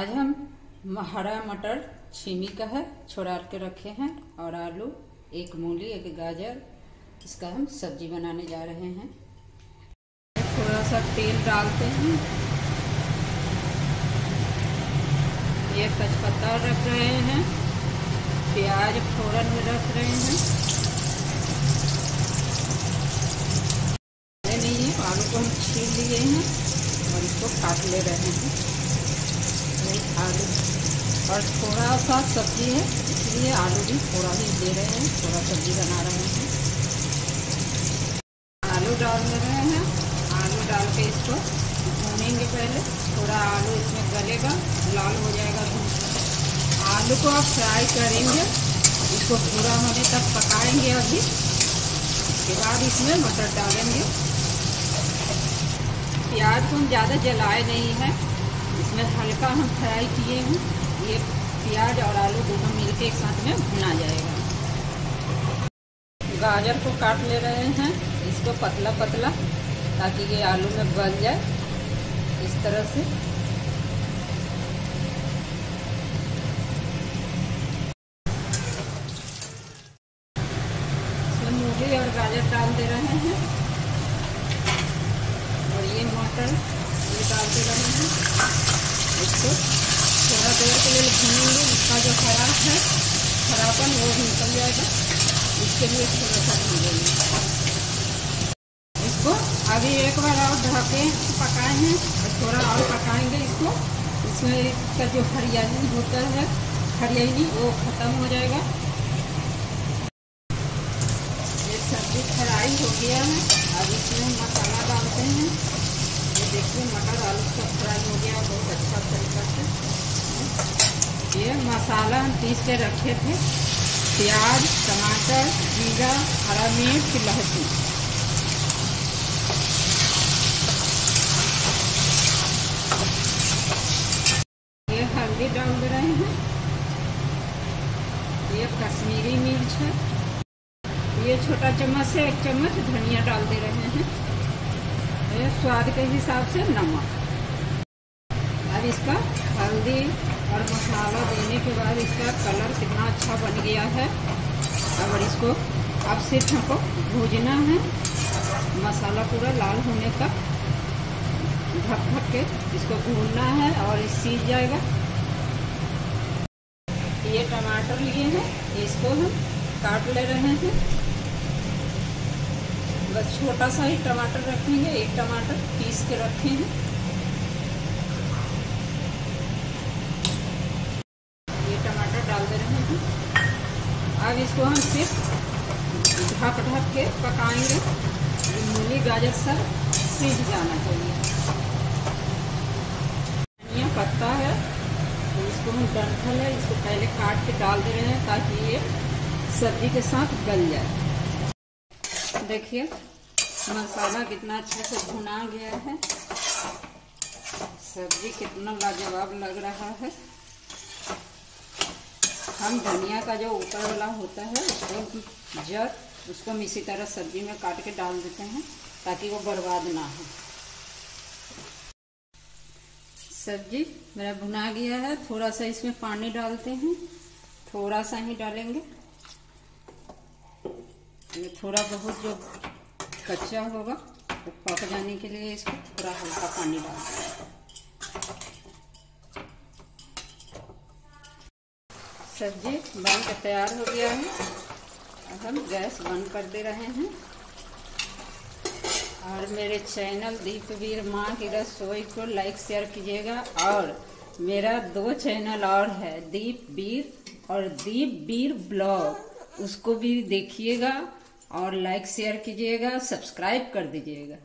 आज हम हरा मटर छीमी का है छोड़ा के रखे हैं और आलू एक मूली एक गाजर इसका हम सब्जी बनाने जा रहे हैं थोड़ा सा तेल डालते हैं ये कचपत्ता रख रहे हैं प्याज फोरन में रख रहे हैं नहीं है आलू को हम छीन लिए हैं और इसको काट ले रहे हैं आलू और थोड़ा सा सब्जी है इसलिए आलू भी थोड़ा ही दे रहे हैं थोड़ा सब्जी बना रहे हैं आलू डाल दे रहे हैं आलू डाल के इसको भूनेंगे पहले थोड़ा आलू इसमें गलेगा लाल हो जाएगा आलू को आप फ्राई करेंगे इसको पूरा होने तक पकाएंगे अभी उसके बाद इसमें मटर डालेंगे प्याज को हम ज़्यादा जलाए नहीं है इसमें हल्का हम फ्राई किए हैं ये प्याज और आलू दोनों मिलके एक साथ में भुना जाएगा गाजर को काट ले रहे हैं इसको पतला पतला ताकि ये आलू में बन जाए इस तरह से मूली और गाजर डाल दे रहे हैं और ये मटर डालते रहे हैं इसको थोड़ा देर के लिए भूनेंगे इसका जो हरा है हरापन वो निकल जाएगा इसके लिए थोड़ा सा भूनेंगे इसको अभी एक बार और ढक के पकाए हैं और थोड़ा और पकाएंगे इसको इसमें इसका जो हरियाली होता है हरियाली वो ख़त्म हो जाएगा ये सब्जी फ्राई हो गया है अब इसमें मसाला डालते मसाला हम पीस के रखे थे प्याज टमाटर जीरा हरा मिर्च लहसुन ये हल्दी डाल दे रहे हैं ये कश्मीरी मिर्च है ये छोटा चम्मच से एक चम्मच धनिया डाल दे रहे हैं स्वाद के हिसाब से नमक बाद इसका हल्दी और मसाला देने के बाद इसका कलर कितना अच्छा बन गया है और इसको अब सिर्फ हमको भूजना है मसाला पूरा लाल होने तक ढक ढक के इसको भूनना है और सीज जाएगा ये टमाटर लिए हैं इसको हम काट ले रहे हैं बस छोटा सा ही टमाटर रखेंगे एक टमाटर पीस के रखे हैं अब इसको हम सिर्फ ढक ढक के पकाएंगे मूली गाजर सब सीझ जाना चाहिए धनिया पत्ता है तो इसको हम डंठल है इसको पहले काट के डाल दे रहे हैं ताकि ये सब्जी के साथ गल जाए देखिए मसाला कितना अच्छे से भुना गया है सब्जी कितना लाजवाब लग रहा है हम धनिया का जो ऊपर वाला होता है उसको जर उसको हम इसी तरह सब्जी में काट के डाल देते हैं ताकि वो बर्बाद ना हो सब्जी मेरा भुना गया है थोड़ा सा इसमें पानी डालते हैं थोड़ा सा ही डालेंगे ये थोड़ा बहुत जो कच्चा होगा वो तो पक जाने के लिए इसको थोड़ा हल्का पानी डालते हैं सब्जी बन के तैयार हो गया है अब हम गैस बंद कर दे रहे हैं और मेरे चैनल दीपवीर माँ की रसोई को लाइक शेयर कीजिएगा और मेरा दो चैनल और है दीप वीर और दीप वीर ब्लॉग उसको भी देखिएगा और लाइक शेयर कीजिएगा सब्सक्राइब कर दीजिएगा